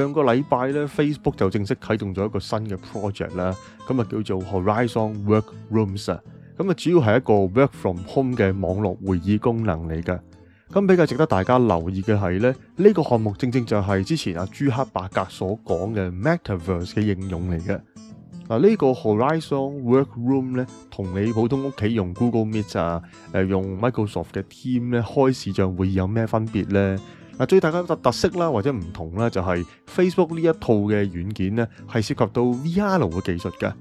上個禮拜咧，Facebook 就正式啟動咗一個新嘅 project 啦，咁啊叫做 Horizon Workrooms 啊，咁啊主要係一個 work from home 嘅網絡會議功能嚟嘅。咁比較值得大家留意嘅係咧，呢個項目正正就係之前阿朱克伯格所講嘅 Metaverse 嘅應用嚟嘅。嗱，呢個 Horizon Workroom 咧，同你普通屋企用 Google Meet 啊，誒用 Microsoft 嘅 Team 咧開視像會議有咩分別咧？嗱，最大家嘅特色啦，或者唔同啦，就係 Facebook 呢一套嘅軟件呢係涉及到 VR 嘅技術嘅。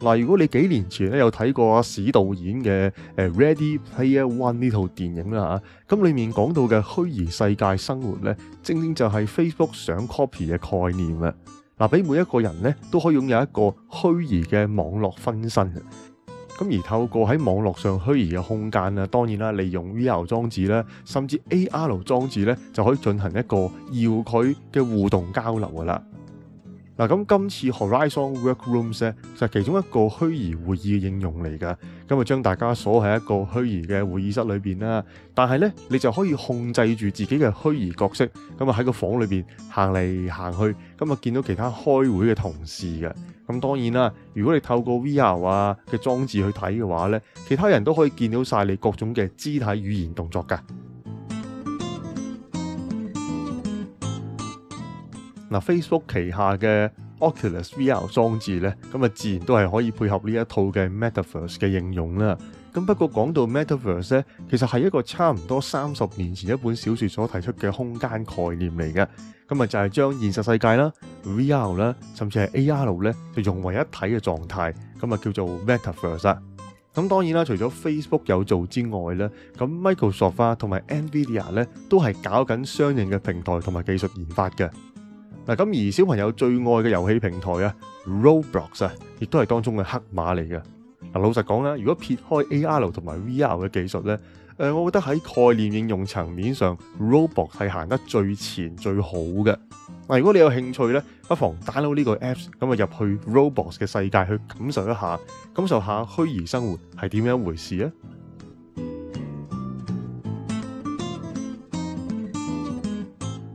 嗱，如果你幾年前咧有睇過史導演嘅 Ready Player One 呢套電影啦，吓，咁裡面講到嘅虛擬世界生活呢，正正就係 Facebook 想 copy 嘅概念啊！嗱，俾每一個人呢都可以擁有一個虛擬嘅網絡分身。咁而透過喺網絡上虛擬嘅空間，當然啦，利用 VR 裝置啦，甚至 AR 裝置咧，就可以進行一個遙距嘅互動交流㗎啦。嗱，咁今次 Horizon Workrooms 咧，就係其中一個虛擬會議嘅應用嚟㗎。咁啊，將大家鎖喺一個虛擬嘅會議室裏邊啦。但係咧，你就可以控制住自己嘅虛擬角色，咁啊喺個房裏邊行嚟行去，咁啊見到其他開會嘅同事㗎。咁當然啦，如果你透過 VR 啊嘅裝置去睇嘅話咧，其他人都可以見到晒你各種嘅肢體語言動作㗎。嗱，Facebook 旗下嘅 Oculus VR 裝置咧，咁啊，自然都係可以配合呢一套嘅 Metaverse 嘅應用啦。咁不過講到 Metaverse 咧，其實係一個差唔多三十年前一本小說所提出嘅空間概念嚟嘅。咁啊，就係將現實世界啦、VR 啦，甚至係 AR 咧，就融為一體嘅狀態，咁啊叫做 Metaverse 啊。咁當然啦，除咗 Facebook 有做之外咧，咁 Microsoft 啊同埋 Nvidia 咧，都係搞緊相應嘅平台同埋技術研發嘅。嗱，咁而小朋友最愛嘅遊戲平台啊，Roblox 啊，亦都係當中嘅黑馬嚟嘅。嗱，老實講啦，如果撇開 AR 同埋 VR 嘅技術咧，誒，我覺得喺概念應用層面上，Roblox 係行得最前最好嘅。嗱，如果你有興趣咧，不妨 download 呢個 apps，咁啊入去 Roblox 嘅世界去感受一下，感受下虛擬生活係點樣一回事啊！